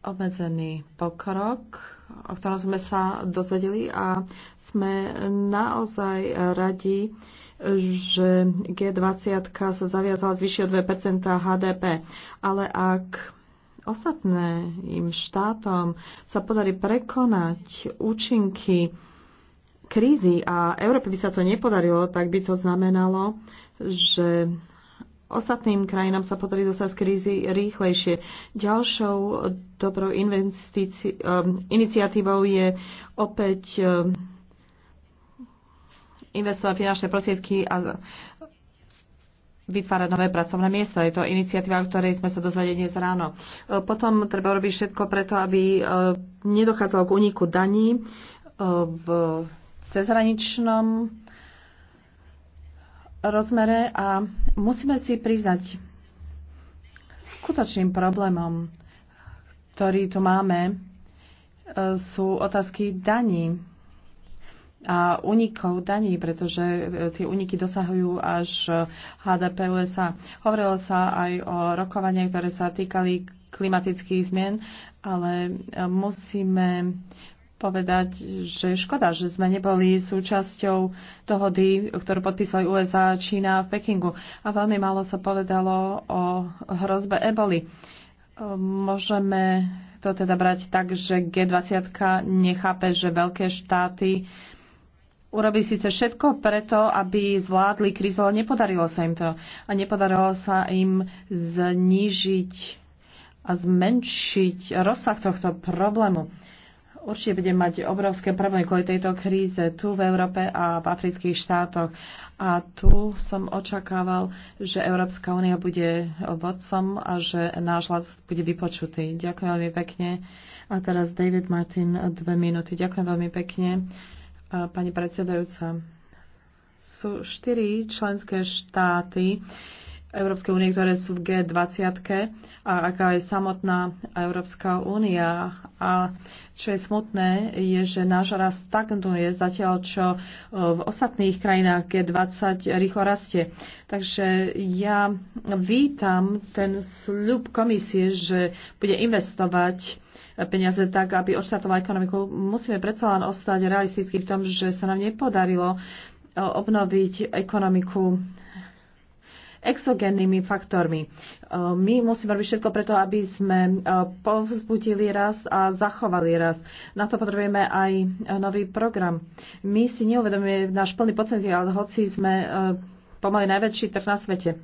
obmedzený pokrok, o ktorom sme sa dozvedeli a sme naozaj radi, že G20 sa zaviazala zvyšiť o 2% HDP. Ale ak ostatným štátom sa podarí prekonať účinky krízy a Európe by sa to nepodarilo, tak by to znamenalo, že ostatným krajinám sa podarí dostať z krízy rýchlejšie. Ďalšou dobrou um, iniciatívou je opäť um, investovať finančné prostriedky a vytvárať nové pracovné miesta. Je to iniciatíva, o ktorej sme sa dozvedeli dnes ráno. Uh, potom treba robiť všetko preto, aby uh, nedochádzalo k úniku daní uh, v cezhraničnom rozmere a musíme si priznať skutočným problémom, ktorý tu máme, e, sú otázky daní a unikov daní, pretože e, tie uniky dosahujú až HDP USA. Hovorilo sa aj o rokovaniach, ktoré sa týkali klimatických zmien, ale e, musíme povedať, že škoda, že sme neboli súčasťou dohody, ktorú podpísali USA a Čína v Pekingu. A veľmi málo sa povedalo o hrozbe eboli. Môžeme to teda brať tak, že G20 nechápe, že veľké štáty urobí síce všetko preto, aby zvládli krízu, ale nepodarilo sa im to. A nepodarilo sa im znížiť a zmenšiť rozsah tohto problému určite bude mať obrovské problémy kvôli tejto kríze tu v Európe a v afrických štátoch. A tu som očakával, že Európska únia bude vodcom a že náš hlas bude vypočutý. Ďakujem veľmi pekne. A teraz David Martin, dve minúty. Ďakujem veľmi pekne, pani predsedajúca. Sú štyri členské štáty, Európskej únie, ktoré sú v G20 a aká je samotná Európska únia. A čo je smutné, je, že náš rast stagnuje zatiaľ, čo e, v ostatných krajinách G20 rýchlo rastie. Takže ja vítam ten sľub komisie, že bude investovať peniaze tak, aby odštartovala ekonomiku. Musíme predsa len ostať realisticky v tom, že sa nám nepodarilo obnoviť ekonomiku exogennými faktormi. E, my musíme robiť všetko preto, aby sme e, povzbudili rast a zachovali rast. Na to potrebujeme aj e, nový program. My si neuvedomujeme náš plný ale hoci sme pomaly najväčší trh na svete.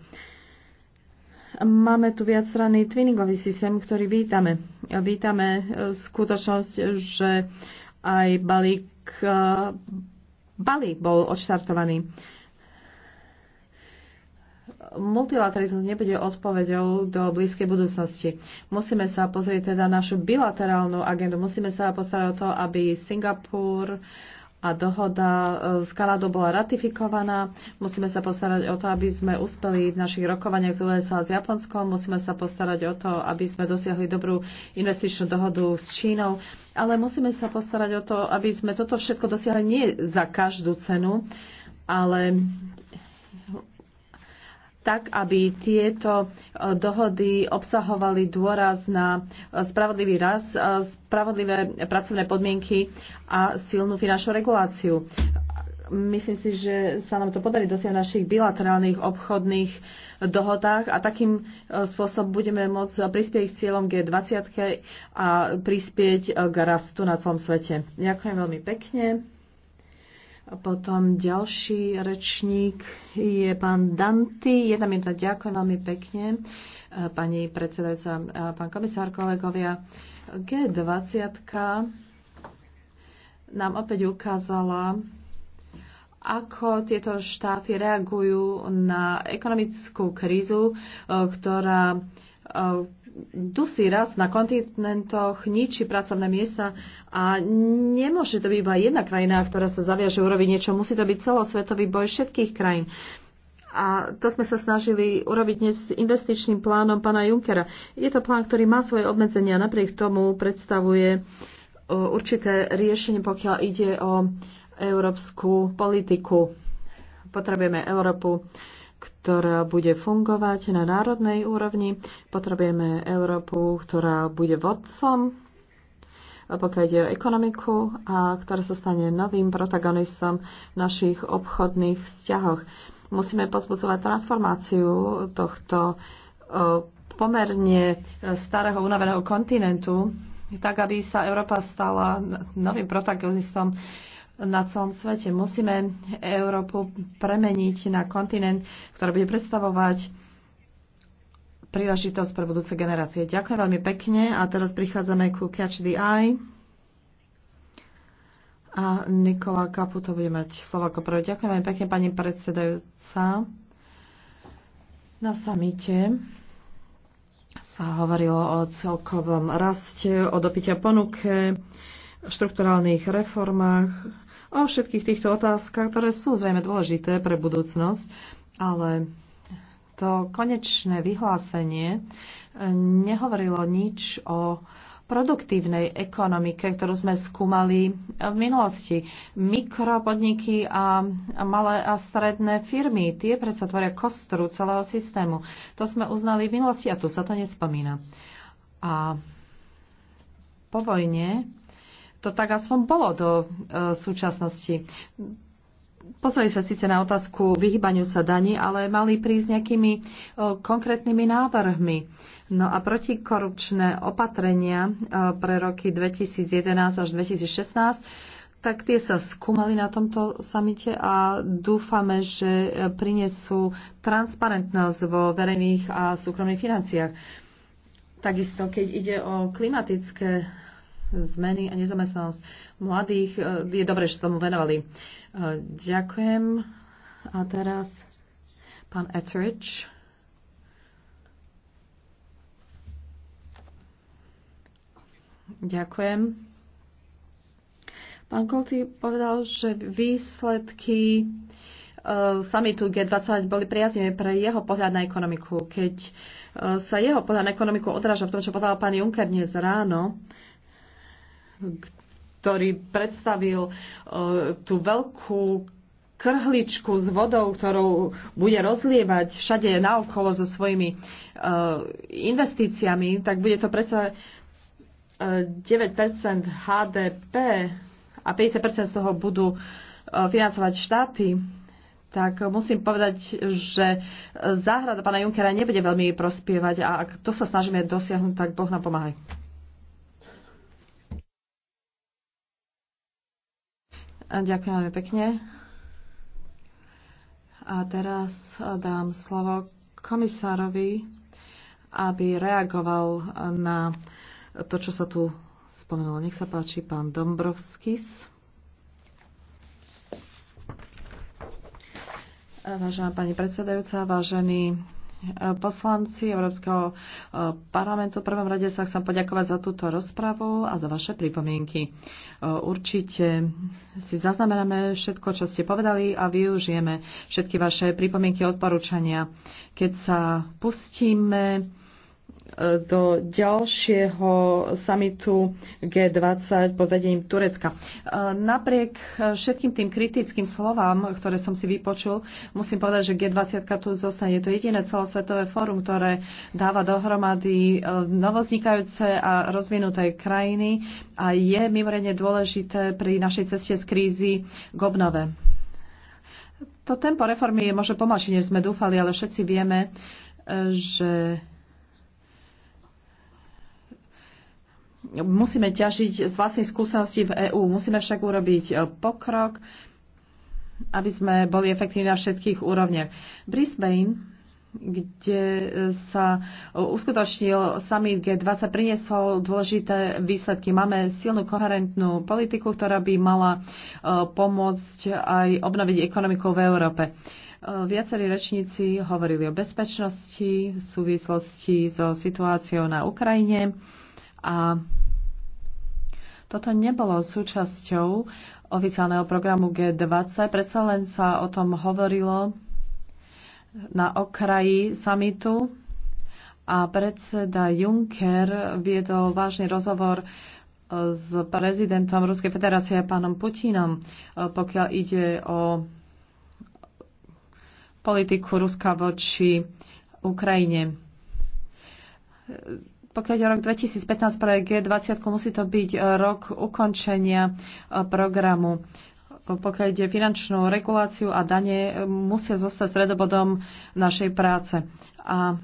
Máme tu strany twinningový systém, ktorý vítame. Vítame skutočnosť, že aj balík Bali bol odštartovaný multilaterizmus nebude odpoveďou do blízkej budúcnosti. Musíme sa pozrieť teda našu bilaterálnu agendu. Musíme sa postarať o to, aby Singapur a dohoda z e, Kanadou bola ratifikovaná. Musíme sa postarať o to, aby sme uspeli v našich rokovaniach z USA a s Japonskom. Musíme sa postarať o to, aby sme dosiahli dobrú investičnú dohodu s Čínou. Ale musíme sa postarať o to, aby sme toto všetko dosiahli nie za každú cenu, ale tak, aby tieto e, dohody obsahovali dôraz na e, spravodlivý rast, e, spravodlivé pracovné podmienky a silnú finančnú reguláciu. Myslím si, že sa nám to podarí dosiať v našich bilaterálnych obchodných dohodách a takým spôsobom budeme môcť prispieť k cieľom G20 a prispieť k rastu na celom svete. Ďakujem veľmi pekne. Potom ďalší rečník je pán Danty. Jedna ďakujem veľmi pekne, e, pani predsedajúca, e, pán komisár, kolegovia. G20 nám opäť ukázala, ako tieto štáty reagujú na ekonomickú krízu, e, ktorá dusí raz na kontinentoch, ničí pracovné miesta a nemôže to byť iba jedna krajina, ktorá sa zaviaže urobiť niečo. Musí to byť celosvetový boj všetkých krajín. A to sme sa snažili urobiť dnes s investičným plánom pána Junkera. Je to plán, ktorý má svoje obmedzenia, napriek tomu predstavuje e, určité riešenie, pokiaľ ide o európsku politiku. Potrebujeme Európu ktorá bude fungovať na národnej úrovni. Potrebujeme Európu, ktorá bude vodcom, pokiaľ ide o ekonomiku a ktorá sa stane novým protagonistom v našich obchodných vzťahoch. Musíme pozbudzovať transformáciu tohto pomerne starého unaveného kontinentu, tak aby sa Európa stala novým protagonistom na celom svete. Musíme Európu premeniť na kontinent, ktorý bude predstavovať príležitosť pre budúce generácie. Ďakujem veľmi pekne a teraz prichádzame ku Catch the Eye. A Nikola Kaputo bude mať slovo ako prvé. Ďakujem veľmi pekne, pani predsedajúca. Na samite sa hovorilo o celkovom raste, o dopite ponuke, štruktúrálnych reformách, o všetkých týchto otázkach, ktoré sú zrejme dôležité pre budúcnosť, ale to konečné vyhlásenie eh, nehovorilo nič o produktívnej ekonomike, ktorú sme skúmali eh, v minulosti. Mikropodniky a malé a stredné firmy, tie predsa tvoria kostru celého systému. To sme uznali v minulosti a tu sa to nespomína. A po vojne to tak aspoň bolo do e, súčasnosti. Pozreli sa síce na otázku vyhybaniu sa daní, ale mali prísť nejakými e, konkrétnymi návrhmi. No a protikorupčné opatrenia e, pre roky 2011 až 2016 tak tie sa skúmali na tomto samite a dúfame, že e, prinesú transparentnosť vo verejných a súkromných financiách. Takisto, keď ide o klimatické zmeny a nezamestnanosť mladých. E, je dobré, že sa tomu venovali. E, ďakujem. A teraz pán Etheridge. Ďakujem. Pán Kolty povedal, že výsledky e, samitu G20 boli priaznivé pre jeho pohľad na ekonomiku. Keď sa jeho pohľad na ekonomiku odráža v tom, čo povedal pán Juncker dnes ráno, ktorý predstavil e, tú veľkú krhličku s vodou, ktorou bude rozlievať všade naokolo so svojimi e, investíciami, tak bude to predsa 9% e, HDP a 50% z toho budú financovať štáty, tak musím povedať, že záhrada pána Junkera nebude veľmi prospievať a ak to sa snažíme dosiahnuť, tak Boh nám pomáhaj. Ďakujem veľmi pekne. A teraz dám slovo komisárovi, aby reagoval na to, čo sa tu spomenulo. Nech sa páči, pán Dombrovskis. Vážená pani predsedajúca, vážení Eh, poslanci Európskeho eh, parlamentu. V prvom rade sa chcem poďakovať za túto rozpravu a za vaše pripomienky. Eh, určite si zaznamenáme všetko, čo ste povedali a využijeme všetky vaše pripomienky a odporúčania. Keď sa pustíme do ďalšieho samitu G20 pod vedením Turecka. E, napriek všetkým tým kritickým slovám, ktoré som si vypočul, musím povedať, že G20 tu zostane. Je to jediné celosvetové fórum, ktoré dáva dohromady e, novoznikajúce a rozvinuté krajiny a je mimoriadne dôležité pri našej ceste z krízy k obnove. To tempo reformy je možno pomalšie, než sme dúfali, ale všetci vieme, e, že Musíme ťažiť z vlastných skúseností v EÚ. Musíme však urobiť e, pokrok, aby sme boli efektívni na všetkých úrovniach. Brisbane, kde e, sa e, uskutočnil summit G20, priniesol dôležité výsledky. Máme silnú koherentnú politiku, ktorá by mala pomôcť aj obnoviť ekonomiku v Európe. Viacerí rečníci hovorili o bezpečnosti v súvislosti so situáciou na Ukrajine. A toto nebolo súčasťou oficiálneho programu G20, predsa len sa o tom hovorilo na okraji samitu a predseda Juncker viedol vážny rozhovor e, s prezidentom Ruskej federácie pánom Putinom, e, pokiaľ ide o politiku Ruska voči Ukrajine pokiaľ je rok 2015 pre G20, musí to byť e, rok ukončenia e, programu. Pokiaľ ide finančnú reguláciu a dane, e, musia zostať stredobodom našej práce. A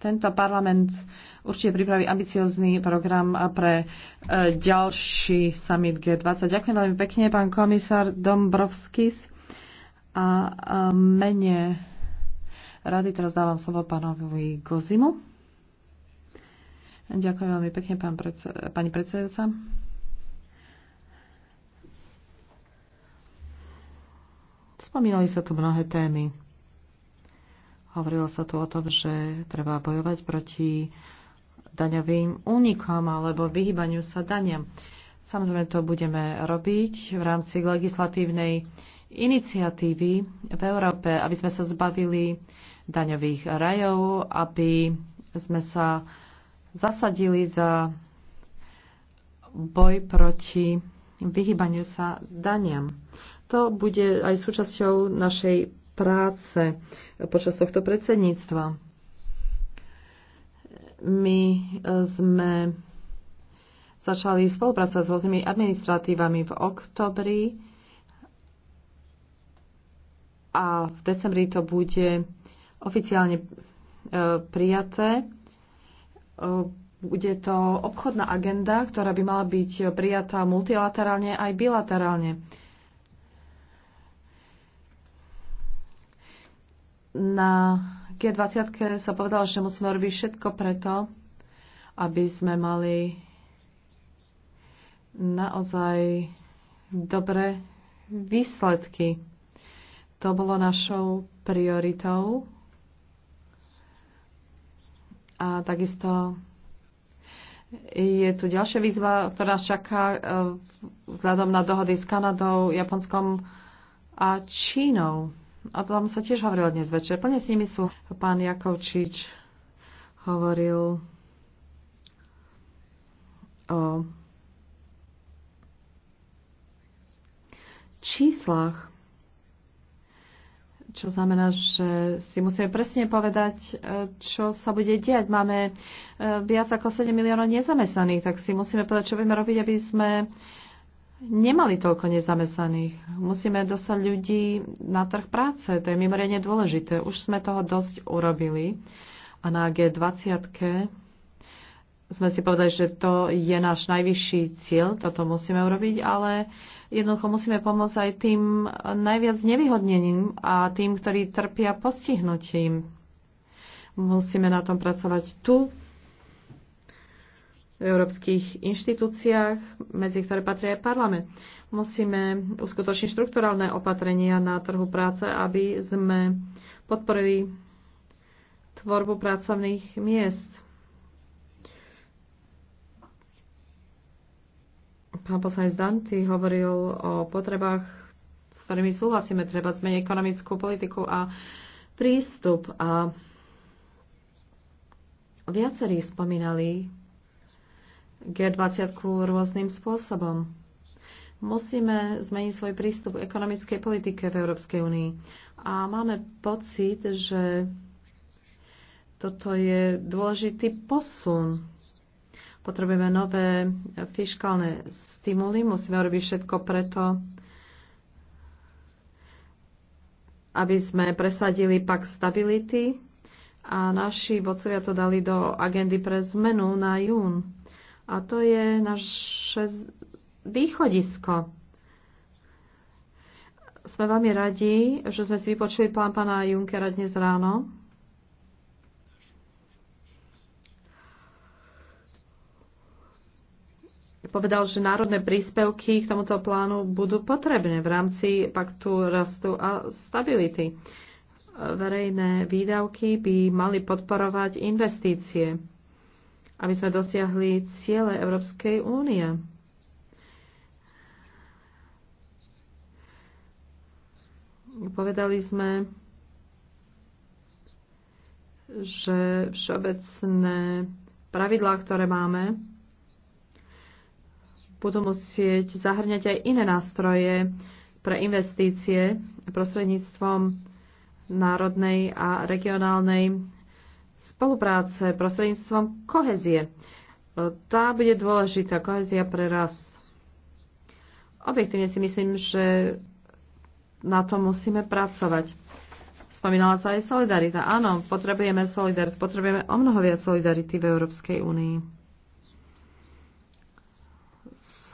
tento parlament určite pripraví ambiciozný program pre ďalší summit G20. Ďakujem veľmi pekne, pán komisár Dombrovskis. A mene rady teraz dávam slovo pánovi Gozimu. Ďakujem veľmi pekne, pán predse- pani predsedajúca. Spomínali sa tu mnohé témy. Hovorilo sa tu o tom, že treba bojovať proti daňovým únikom alebo vyhýbaniu sa daniam. Samozrejme, to budeme robiť v rámci legislatívnej iniciatívy v Európe, aby sme sa zbavili daňových rajov, aby sme sa zasadili za boj proti vyhýbaniu sa daniam. To bude aj súčasťou našej práce počas tohto predsedníctva. My e, sme začali spolupracovať s rôznymi administratívami v oktobri a v decembri to bude oficiálne e, prijaté bude to obchodná agenda, ktorá by mala byť prijatá multilaterálne aj bilaterálne. Na G20 sa povedalo, že musíme robiť všetko preto, aby sme mali naozaj dobré výsledky. To bolo našou prioritou a takisto je tu ďalšia výzva, ktorá nás čaká e, vzhľadom na dohody s Kanadou, Japonskom a Čínou. O tom sa tiež hovorilo dnes večer. Plne s nimi sú. Pán Jakovčič hovoril o číslach čo znamená, že si musíme presne povedať, e, čo sa bude diať. Máme e, viac ako 7 miliónov nezamestnaných, tak si musíme povedať, čo budeme robiť, aby sme nemali toľko nezamestnaných. Musíme dostať ľudí na trh práce, to je mimoriadne dôležité. Už sme toho dosť urobili a na G20 sme si povedali, že to je náš najvyšší cieľ, toto musíme urobiť, ale Jednoducho musíme pomôcť aj tým najviac nevyhodneným a tým, ktorí trpia postihnutím. Musíme na tom pracovať tu, v európskych inštitúciách, medzi ktoré patrí aj parlament. Musíme uskutočniť štrukturálne opatrenia na trhu práce, aby sme podporili tvorbu pracovných miest. Pán poslanec Danty hovoril o potrebách, s ktorými súhlasíme. Treba zmeniť ekonomickú politiku a prístup. A viacerí spomínali G20 rôznym spôsobom. Musíme zmeniť svoj prístup k ekonomickej politike v Európskej únii. A máme pocit, že toto je dôležitý posun Potrebujeme nové fiskálne stimuly, musíme robiť všetko preto, aby sme presadili pak stability a naši vodcovia to dali do agendy pre zmenu na jún. A to je naše východisko. Sme veľmi radi, že sme si vypočuli plán pána Junkera dnes ráno povedal, že národné príspevky k tomuto plánu budú potrebné v rámci paktu rastu a stability. Verejné výdavky by mali podporovať investície, aby sme dosiahli ciele Európskej únie. Povedali sme, že všeobecné pravidlá, ktoré máme, budú musieť zahrňať aj iné nástroje pre investície prostredníctvom národnej a regionálnej spolupráce, prostredníctvom kohezie. Tá bude dôležitá, kohezia pre rast. Objektívne si myslím, že na to musíme pracovať. Spomínala sa aj solidarita. Áno, potrebujeme solidaritu, potrebujeme o mnoho viac solidarity v Európskej únii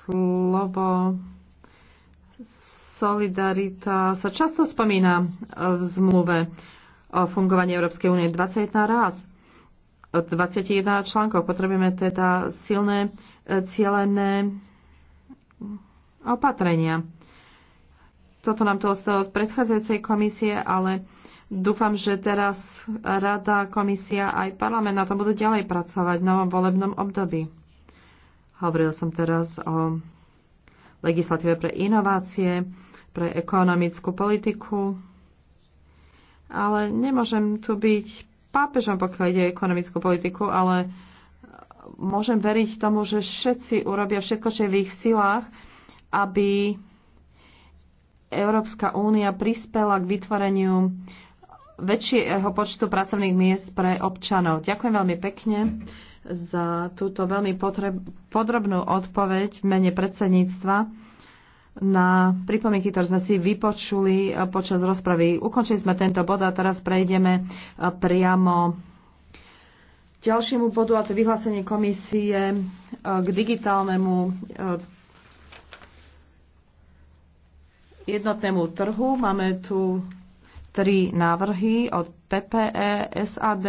slovo solidarita sa často spomína v zmluve o fungovaní Európskej únie 21 raz. 21 článkov. Potrebujeme teda silné, e, cielené opatrenia. Toto nám to ostalo od predchádzajúcej komisie, ale dúfam, že teraz rada, komisia aj parlament na to budú ďalej pracovať v novom volebnom období. Hovoril som teraz o legislatíve pre inovácie, pre ekonomickú politiku, ale nemôžem tu byť pápežom, pokiaľ ide o ekonomickú politiku, ale môžem veriť tomu, že všetci urobia všetko, čo je v ich silách, aby Európska únia prispela k vytvoreniu väčšieho počtu pracovných miest pre občanov. Ďakujem veľmi pekne za túto veľmi potreb- podrobnú odpoveď v mene predsedníctva na pripomienky, ktoré sme si vypočuli eh, počas rozpravy. Ukončili sme tento bod a teraz prejdeme eh, priamo k ďalšiemu bodu, a to vyhlásenie komisie eh, k digitálnemu jednotnému trhu. Máme tu tri návrhy od PPE, SAD,